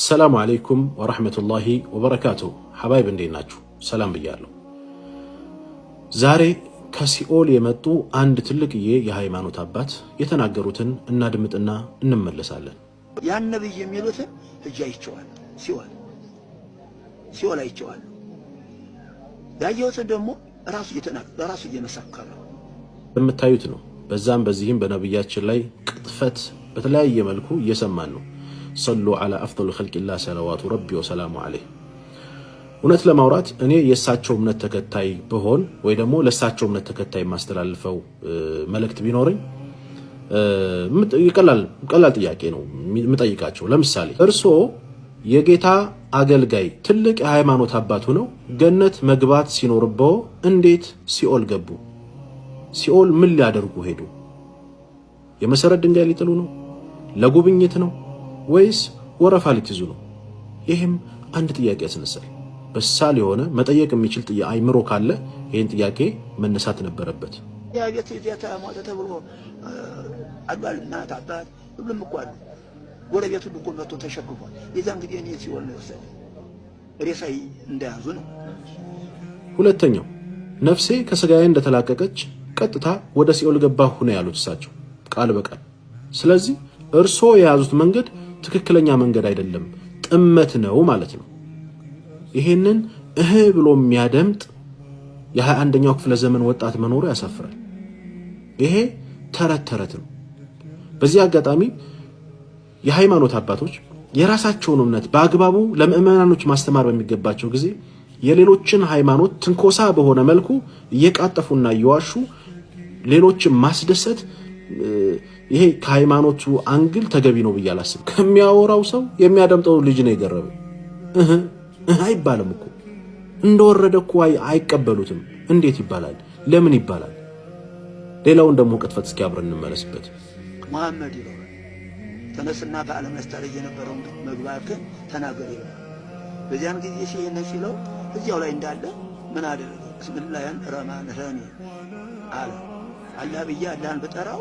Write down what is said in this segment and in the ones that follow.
አሰላሙ አለይኩም ወረሕመቱላሂ ወበረካቱ። ሐባይብ እንዴት ናችሁ? ሰላም ብያለሁ። ዛሬ ከሲኦል የመጡ አንድ ትልቅዬ የሃይማኖት አባት የተናገሩትን እናድምጥና እንመለሳለን። ያን ነቢይ የሚሉትን እጅ አይቸዋል ሲኦል ሲኦል አይቸዋል። ያየሁትን ደግሞ ራሱ እየመሰከረ የምታዩት ነው። በዛም በዚህም በነብያችን ላይ ቅጥፈት በተለያየ መልኩ እየሰማን ነው። ሰሉ አላ አፍደል ኸልቂላህ ሰለዋቱ ረቢ ወሰላሙ አለይ እውነት ለማውራት እኔ የእሳቸው እምነት ተከታይ ብሆን ወይ ደግሞ ለእሳቸው እምነት ተከታይ የማስተላልፈው መልእክት ቢኖረኝ ቀላል ጥያቄ ነው የምጠይቃቸው። ለምሳሌ እርስዎ የጌታ አገልጋይ ትልቅ የሃይማኖት አባት ሆነው ገነት መግባት ሲኖርበው እንዴት ሲኦል ገቡ? ሲኦል ምን ሊያደርጉ ሄዱ? የመሰረት ድንጋይ ሊጥሉ ነው? ለጉብኝት ነው? ወይስ ወረፋ ልትይዙ ነው? ይህም አንድ ጥያቄ ያስነሳል። በሳል የሆነ መጠየቅ የሚችል አይምሮ ካለ ይህን ጥያቄ መነሳት ነበረበት። ሞተ ተብሎ አባል እናት አባት ሁሉም እኮ አሉ። ጎረቤቱ ተሸክፏል። እኔ ሲሆን እንደያዙ ነው። ሁለተኛው ነፍሴ ከስጋዬ እንደተላቀቀች ቀጥታ ወደ ሲኦል ገባሁ ነው ያሉት እሳቸው ቃል በቃል። ስለዚህ እርስዎ የያዙት መንገድ ትክክለኛ መንገድ አይደለም፣ ጥመት ነው ማለት ነው። ይሄንን እህ ብሎ የሚያደምጥ የሃያ አንደኛው ክፍለ ዘመን ወጣት መኖሩ ያሳፍራል። ይሄ ተረት ተረት ነው። በዚህ አጋጣሚ የሃይማኖት አባቶች የራሳቸውን እምነት በአግባቡ ለምእመናኖች ማስተማር በሚገባቸው ጊዜ የሌሎችን ሃይማኖት ትንኮሳ በሆነ መልኩ እየቃጠፉና እየዋሹ ሌሎችን ማስደሰት ይሄ ከሃይማኖቱ አንግል ተገቢ ነው ብዬ አላስብም። ከሚያወራው ሰው የሚያደምጠው ልጅ ነው የገረበ አይባልም እኮ እንደወረደ እኮ አይቀበሉትም። እንዴት ይባላል? ለምን ይባላል? ሌላውን ደግሞ ቅጥፈት እስኪ አብረን እንመለስበት። መሐመድ ይለዋል ተነስና በዓለም ያስታረይ የነበረውን ግን ተናገር ይለዋል። በዚያን ጊዜ ሲሄነ ሲለው እዚያው ላይ እንዳለ ምን አደረገ? ብስምላያን ረማን ረኒ አለ አላ ብዬ አላህን ብጠራው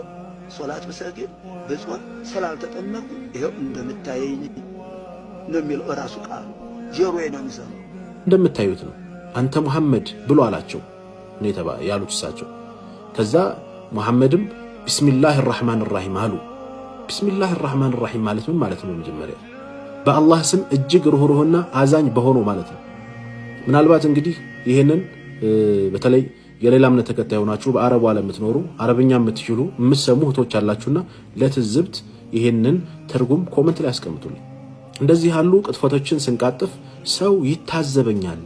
ሶላት ብሰግድ ብጾም ስላልተጠመኩ ይኸው እንደምታየኝ ነው የሚለው እራሱ ቃሉ ጀሮ ነው እንደምታዩት ነው አንተ ሙሐመድ ብሎ አላቸው ያሉት እሳቸው። ከዛ ሙሐመድም ቢስሚላህ ራህማን ራሂም አሉ። ቢስሚላህ ራህማን ራሂም ማለት ምን ማለት ነው? መጀመሪያ በአላህ ስም እጅግ ርኅሩህና አዛኝ በሆነው ማለት ነው። ምናልባት እንግዲህ ይህንን በተለይ የሌላ እምነት ተከታይ ሆናችሁ በአረቡ ዓለም የምትኖሩ አረብኛ የምትችሉ የምትሰሙ እህቶች አላችሁና ለትዝብት ይህንን ትርጉም ኮመንት ላይ አስቀምጡልኝ። እንደዚህ ያሉ ቅጥፈቶችን ስንቃጥፍ ሰው ይታዘበኛል።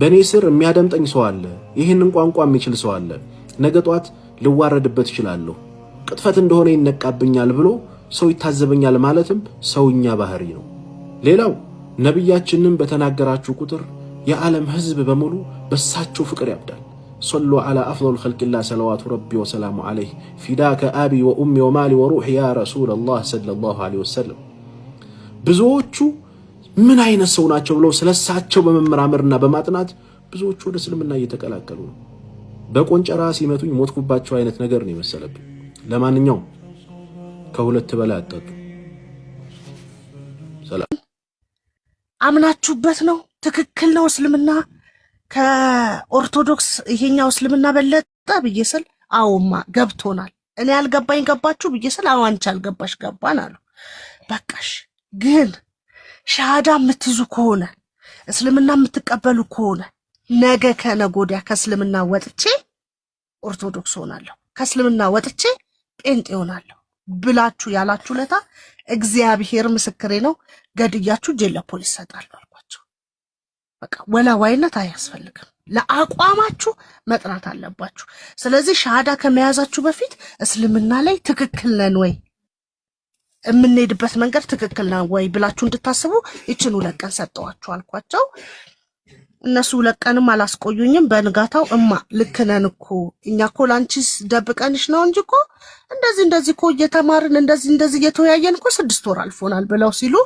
በእኔ ስር የሚያደምጠኝ ሰው አለ፣ ይህንን ቋንቋ የሚችል ሰው አለ፣ ነገ ጧት ልዋረድበት እችላለሁ፣ ቅጥፈት እንደሆነ ይነቃብኛል ብሎ ሰው ይታዘበኛል ማለትም ሰውኛ ባህሪ ነው። ሌላው ነቢያችንን በተናገራችሁ ቁጥር የዓለም ሕዝብ በሙሉ በሳቸው ፍቅር ያብዳል። ሶሉ ዓላ አፍዶል ኸልቅላ ሰለዋቱ ረቢ ወሰላሙ ዓለይህ ፊዳከ አቢ ወኡሚ ወማሊ ወሩሕ ያ ረሱለላህ ሰለላሁ ዓለይሂ ወሰለም። ብዙዎቹ ምን አይነት ሰው ናቸው ብለው ስለሳቸው በመመራመርና በማጥናት ብዙዎቹ ወደ እስልምና እየተቀላቀሉ ነው። በቆንጨራ ሲመቱኝ ሞትኩባቸው አይነት ነገር ነው የመሰለብኝ። ለማንኛውም ከሁለት በላይ አጠጡ። አምናችሁበት ነው ትክክል ነው እስልምና ከኦርቶዶክስ ይሄኛው እስልምና በለጠ ብዬ ስል አዎማ ገብቶናል። እኔ ያልገባኝ ገባችሁ ብዬ ስል አዎ አንቺ አልገባሽ ገባን አሉ። በቃሽ ግን ሻሃዳ የምትይዙ ከሆነ እስልምና የምትቀበሉ ከሆነ ነገ ከነጎዲያ ከእስልምና ወጥቼ ኦርቶዶክስ ሆናለሁ፣ ከእስልምና ወጥቼ ጴንጤ ሆናለሁ ብላችሁ ያላችሁ ለታ እግዚአብሔር ምስክሬ ነው ገድያችሁ እጄን ለፖሊስ ሰጣለሁ። በቃ ወላዋይነት አያስፈልግም። ለአቋማችሁ መጥናት አለባችሁ። ስለዚህ ሻሃዳ ከመያዛችሁ በፊት እስልምና ላይ ትክክል ነን ወይ የምንሄድበት መንገድ ትክክል ነን ወይ ብላችሁ እንድታስቡ ይችን ሁለት ቀን ሰጠዋችሁ አልኳቸው። እነሱ ሁለት ቀንም አላስቆዩኝም። በንጋታው እማ ልክ ነን እኮ እኛ እኮ ላንቺስ ደብቀንሽ ነው እንጂ እኮ እንደዚህ እንደዚህ እኮ እየተማርን እንደዚህ እንደዚህ እየተወያየን እኮ ስድስት ወር አልፎናል ብለው ሲሉ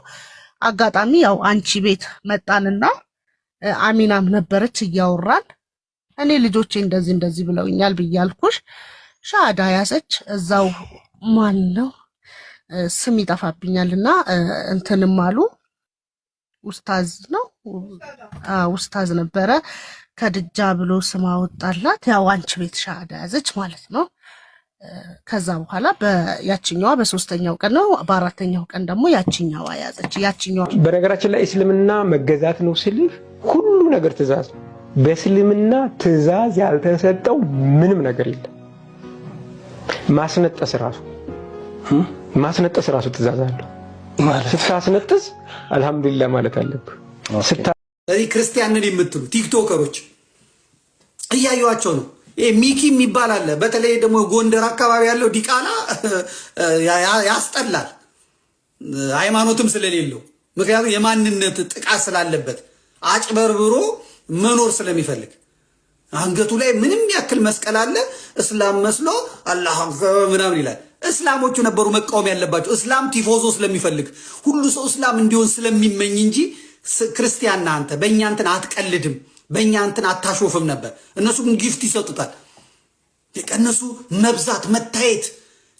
አጋጣሚ ያው አንቺ ቤት መጣንና አሚናም ነበረች እያወራን እኔ ልጆቼ እንደዚህ እንደዚህ ብለውኛል ብያልኩሽ ሻዳ ያሰች እዛው ማን ነው ስም ይጠፋብኛል እና እንትንም አሉ ውስታዝ ነው ውስታዝ ነበረ ከድጃ ብሎ ስም አወጣላት። ያው አንቺ ቤት ሻዳ ያዘች ማለት ነው። ከዛ በኋላ ያችኛዋ በሶስተኛው ቀን ነው፣ በአራተኛው ቀን ደግሞ ያችኛዋ ያዘች። ያችኛዋ በነገራችን ላይ እስልምና መገዛት ነው ስልህ ነገር ትእዛዝ ነው። በእስልምና ትእዛዝ ያልተሰጠው ምንም ነገር የለም። ማስነጠስ ራሱ ማስነጠስ ራሱ ትእዛዝ አለው። ስታስነጥስ አልሐምዱሊላህ ማለት አለብህ። ስለዚህ ክርስቲያንን የምትሉ ቲክቶከሮች እያዩዋቸው ነው። ሚኪ የሚባል አለ። በተለይ ደግሞ ጎንደር አካባቢ ያለው ዲቃላ ያስጠላል፣ ሃይማኖትም ስለሌለው ምክንያቱም የማንነት ጥቃት ስላለበት አጭበርብሮ መኖር ስለሚፈልግ አንገቱ ላይ ምንም ያክል መስቀል አለ። እስላም መስሎ አላህ ምናምን ይላል። እስላሞቹ ነበሩ መቃወም ያለባቸው። እስላም ቲፎዞ ስለሚፈልግ ሁሉ ሰው እስላም እንዲሆን ስለሚመኝ እንጂ ክርስቲያን ነህ አንተ በእኛ እንትን አትቀልድም፣ በእኛ እንትን አታሾፍም ነበር። እነሱ ግን ጊፍት ይሰጡታል። የቀነሱ መብዛት መታየት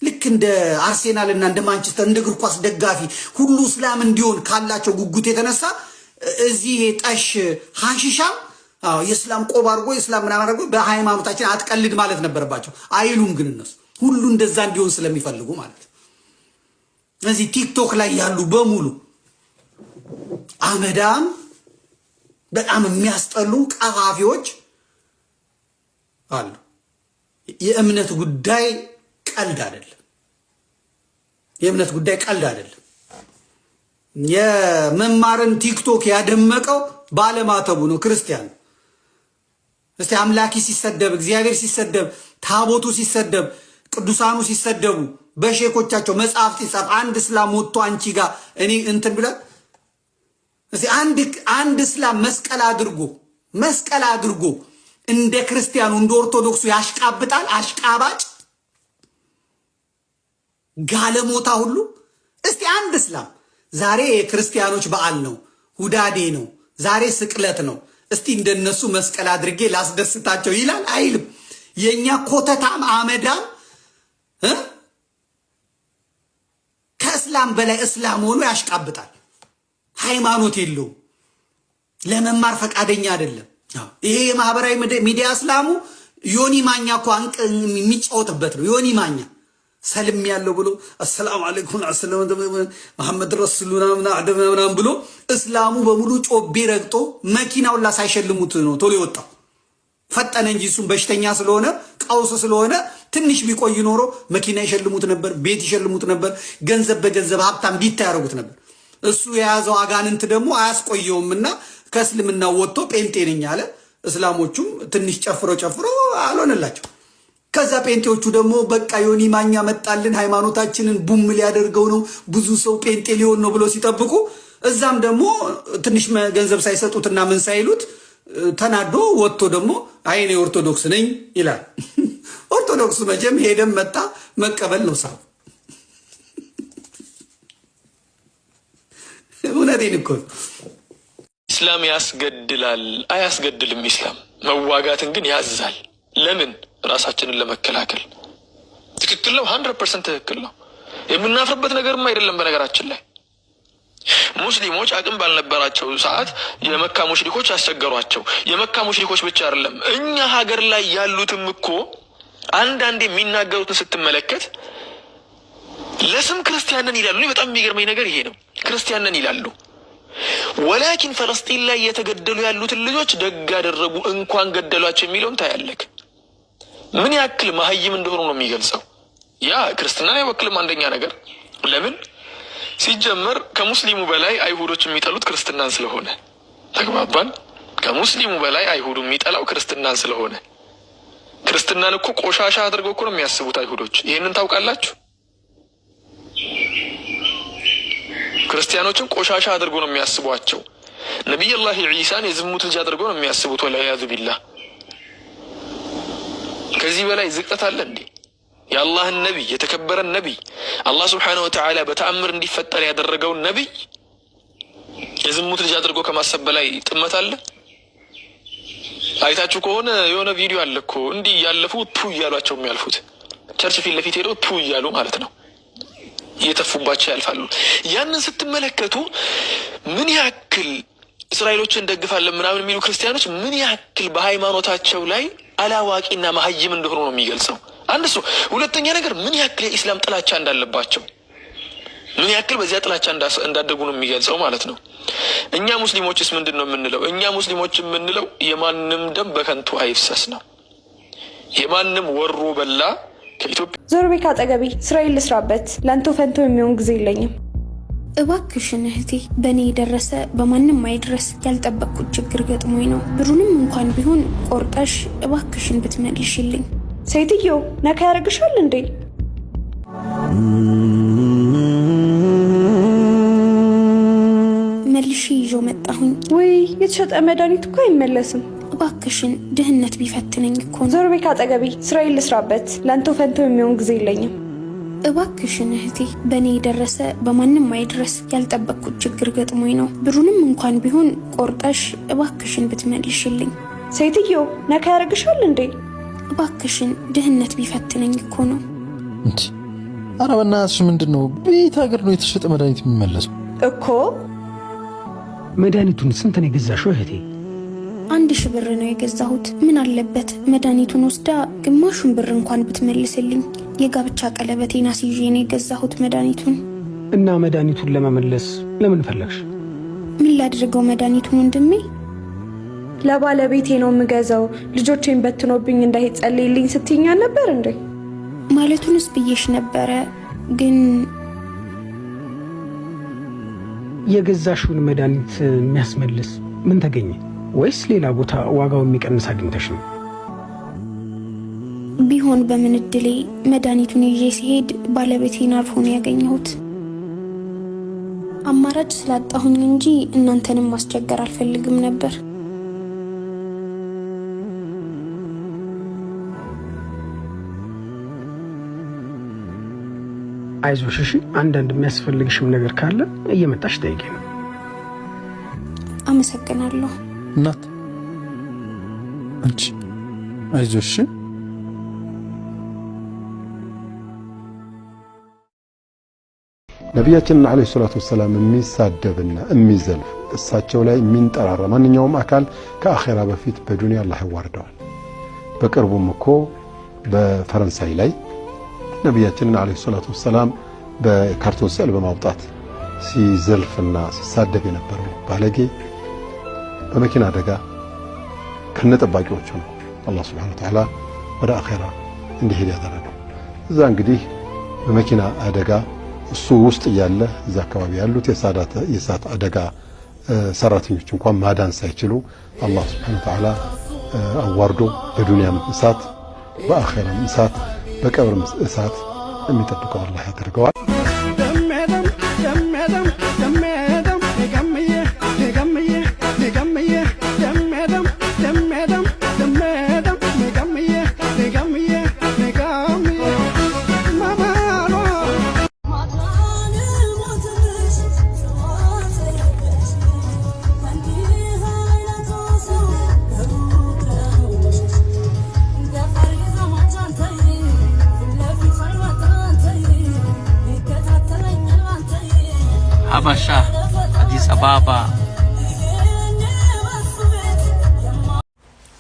ልክ እንደ አርሴናልና እንደ ማንቸስተር እንደ እግር ኳስ ደጋፊ ሁሉ እስላም እንዲሆን ካላቸው ጉጉት የተነሳ እዚህ ጠሽ ሀሺሻም የእስላም ቆብ አድርጎ የእስላም ምናምን አድርጎ በሃይማኖታችን አትቀልድ ማለት ነበረባቸው። አይሉም ግን እነሱ ሁሉ እንደዛ እንዲሆን ስለሚፈልጉ ማለት እዚህ ቲክቶክ ላይ ያሉ በሙሉ አመዳም በጣም የሚያስጠሉ ቀፋፊዎች አሉ። የእምነት ጉዳይ ቀልድ አይደለም። የእምነት ጉዳይ ቀልድ አይደለም። የመማርን ቲክቶክ ያደመቀው ባለማተቡ ነው ክርስቲያን። እስቲ አምላኪ ሲሰደብ፣ እግዚአብሔር ሲሰደብ፣ ታቦቱ ሲሰደብ፣ ቅዱሳኑ ሲሰደቡ በሼኮቻቸው መጽሐፍ ሲጻፍ አንድ እስላም ወጥቶ አንቺ ጋር እኔ እንትን ብለ አንድ አንድ እስላም መስቀል አድርጎ መስቀል አድርጎ እንደ ክርስቲያኑ እንደ ኦርቶዶክሱ ያሽቃብጣል። አሽቃባጭ ጋለሞታ ሁሉ እስቲ አንድ እስላም ዛሬ የክርስቲያኖች በዓል ነው፣ ሁዳዴ ነው፣ ዛሬ ስቅለት ነው። እስቲ እንደነሱ መስቀል አድርጌ ላስደስታቸው ይላል አይልም። የእኛ ኮተታም አመዳም ከእስላም በላይ እስላም ሆኖ ያሽቃብጣል። ሃይማኖት የለውም። ለመማር ፈቃደኛ አይደለም። ይሄ የማህበራዊ ሚዲያ እስላሙ ዮኒ ማኛ እኮ የሚጫወትበት ነው። ዮኒ ማኛ ሰልም ያለው ብሎ አሰላሙ አለይኩም አሰላሙ መሐመድ ረሱሉና ምናምን ብሎ እስላሙ በሙሉ ጮቤ ረግጦ መኪናውን ላሳይሸልሙት ነው ቶሎ የወጣው ፈጠነ እንጂ እሱም በሽተኛ ስለሆነ ቀውስ ስለሆነ ትንሽ ቢቆይ ኖሮ መኪና ይሸልሙት ነበር፣ ቤት ይሸልሙት ነበር፣ ገንዘብ በገንዘብ ሀብታም ቢታ ያደርጉት ነበር። እሱ የያዘው አጋንንት ደግሞ አያስቆየውምና ከእስልምና ወጥቶ ጴንጤነኝ አለ። እስላሞቹም ትንሽ ጨፍሮ ጨፍሮ አልሆነላቸው። ከዛ ጴንጤዎቹ ደግሞ በቃ ዮኒ ማኛ መጣልን፣ ሃይማኖታችንን ቡም ሊያደርገው ነው፣ ብዙ ሰው ጴንጤ ሊሆን ነው ብሎ ሲጠብቁ እዛም ደግሞ ትንሽ ገንዘብ ሳይሰጡትና ምን ሳይሉት ተናዶ ወጥቶ ደግሞ አይ እኔ ኦርቶዶክስ ነኝ ይላል። ኦርቶዶክስ መቼም ሄደም መጣ መቀበል ነው ሳ እውነቴን እኮ ኢስላም ያስገድላል አያስገድልም። ኢስላም መዋጋትን ግን ያዛል። ለምን ራሳችንን ለመከላከል ትክክል ነው። ሀንድረድ ፐርሰንት ትክክል ነው። የምናፍርበት ነገርም አይደለም። በነገራችን ላይ ሙስሊሞች አቅም ባልነበራቸው ሰዓት የመካ ሙሽሪኮች አስቸገሯቸው። የመካ ሙሽሪኮች ብቻ አይደለም እኛ ሀገር ላይ ያሉትም እኮ አንዳንድ የሚናገሩትን ስትመለከት ለስም ክርስቲያንን ይላሉ። በጣም የሚገርመኝ ነገር ይሄ ነው። ክርስቲያንን ይላሉ ወላኪን ፈለስጢን ላይ የተገደሉ ያሉትን ልጆች ደግ አደረጉ እንኳን ገደሏቸው የሚለውን ታያለክ። ምን ያክል መሀይም እንደሆኑ ነው የሚገልጸው። ያ ክርስትናን አይወክልም። አንደኛ ነገር ለምን ሲጀመር ከሙስሊሙ በላይ አይሁዶች የሚጠሉት ክርስትናን ስለሆነ ተግባባን። ከሙስሊሙ በላይ አይሁዱ የሚጠላው ክርስትናን ስለሆነ ክርስትናን እኮ ቆሻሻ አድርገው እኮ ነው የሚያስቡት አይሁዶች። ይህንን ታውቃላችሁ። ክርስቲያኖችን ቆሻሻ አድርጎ ነው የሚያስቧቸው። ነቢይ ላህ ዒሳን የዝሙት ልጅ አድርጎ ነው የሚያስቡት። ወላያዙ ቢላህ ከዚህ በላይ ዝቅጠት አለ እንዴ? የአላህን ነቢይ የተከበረን ነቢይ አላህ ስብሓነሁ ወተዓላ በተአምር እንዲፈጠር ያደረገውን ነቢይ የዝሙት ልጅ አድርጎ ከማሰብ በላይ ጥመት አለ? አይታችሁ ከሆነ የሆነ ቪዲዮ አለ እኮ እንዲህ እያለፉ ቱ እያሏቸው የሚያልፉት ቸርች ፊት ለፊት ሄደው ቱ እያሉ ማለት ነው እየተፉባቸው ያልፋሉ። ያንን ስትመለከቱ ምን ያክል እስራኤሎችን እንደግፋለን ምናምን የሚሉ ክርስቲያኖች ምን ያክል በሃይማኖታቸው ላይ አላዋቂና መሀይም እንደሆኑ ነው የሚገልጸው። አንድ እሱ። ሁለተኛ ነገር ምን ያክል የኢስላም ጥላቻ እንዳለባቸው ምን ያክል በዚያ ጥላቻ እንዳደጉ ነው የሚገልጸው ማለት ነው። እኛ ሙስሊሞችስ ምንድን ነው የምንለው? እኛ ሙስሊሞች የምንለው የማንም ደም በከንቱ አይፍሰስ ነው። የማንም ወሮ በላ ከኢትዮጵያ ዞር ቤት አጠገቤ ስራዬን ልስራበት፣ ለንቶ ፈንቶ የሚሆን ጊዜ የለኝም። እባክሽን እህቴ፣ በእኔ የደረሰ በማንም አይድረስ። ያልጠበቅኩት ችግር ገጥሞኝ ነው። ብሩንም እንኳን ቢሆን ቆርጠሽ እባክሽን ብትመልሽልኝ። ሴትየው ነካ ያደርግሻል እንዴ? መልሽ ይዞ መጣሁኝ። ወይ የተሸጠ መድኃኒት እኮ አይመለስም። እባክሽን ድህነት ቢፈትነኝ እኮ። ዞር ቤት አጠገቤ፣ ስራዬን ልስራበት። ለአንተው ፈንቶ የሚሆን ጊዜ የለኝም። እባክሽን እህቴ፣ በእኔ የደረሰ በማንም አይድረስ። ያልጠበቅኩት ችግር ገጥሞኝ ነው። ብሩንም እንኳን ቢሆን ቆርጠሽ እባክሽን ብትመልሽልኝ። ሴትየው ነካ ያደርግሻል እንዴ? እባክሽን ድህነት ቢፈትነኝ እኮ ነው። ኧረ በእናትሽ ምንድን ነው? ቤት ሀገር ነው የተሸጠ መድኃኒት የሚመለሰው እኮ። መድኃኒቱን ስንት ነው የገዛሽው እህቴ? አንድ ሽ ብር ነው የገዛሁት። ምን አለበት መድኃኒቱን ወስዳ ግማሹን ብር እንኳን ብትመልስልኝ። የጋብቻ ቀለበቴን አስይዤ ነው የገዛሁት መድኃኒቱን። እና መድኃኒቱን ለመመለስ ለምን ፈለግሽ? ምን ላድርገው መድኃኒቱን ወንድሜ? ለባለቤቴ ነው የምገዛው። ልጆቼን በትኖብኝ እንዳይሄድ ጸልይልኝ ስትይኝ ነበር እንዴ? ማለቱንስ ብዬሽ ነበረ ግን የገዛሽውን መድኃኒት የሚያስመልስ ምን ተገኘ? ወይስ ሌላ ቦታ ዋጋው የሚቀንስ አግኝተሽ ነው? ቢሆን በምን እድሌ መድኃኒቱን ይዤ ሲሄድ ባለቤቴን አርፎ ነው ያገኘሁት። አማራጭ ስላጣሁኝ እንጂ እናንተንም ማስቸገር አልፈልግም ነበር። አይዞሽ፣ እሺ። አንዳንድ የሚያስፈልግሽም ነገር ካለ እየመጣሽ ጠይቂ ነው። አመሰግናለሁ እናት። አንቺ አይዞሽ። ነቢያችንን ዓለይሂ ሰላቱ ወሰላም የሚሳደብና የሚዘልፍ እሳቸው ላይ የሚንጠራራ ማንኛውም አካል ከአኼራ በፊት በዱንያ አላህ ያዋርደዋል። በቅርቡም እኮ በፈረንሳይ ላይ ነቢያችንን ዓለይሂ ሰላቱ ወሰላም በካርቶን ስዕል በማውጣት ሲዘልፍና ሲሳደብ የነበረው ባለጌ በመኪና አደጋ ከነጠባቂዎቹ ነው አላህ ሱብሓነሁ ወተዓላ ወደ አኼራ እንዲሄድ ያደረገው። እዛ እንግዲህ በመኪና አደጋ እሱ ውስጥ እያለ እዚያ አካባቢ ያሉት የእሳት አደጋ ሰራተኞች እንኳን ማዳን ሳይችሉ አላህ ሱብሓነሁ ወተዓላ አዋርዶ በዱንያም እሳት በአኼራም እሳት በቀብርም እሳት የሚጠብቀው አላህ ያደርገዋል።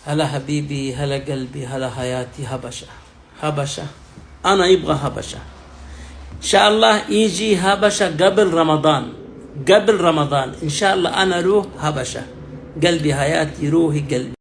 هلا حبيبي هلا قلبي هلا حياتي حبشة حبشة أنا يبغى حبشة إن شاء الله يجي حبشة قبل رمضان قبل رمضان إن شاء الله أنا روح حبشة قلبي حياتي روحي قلبي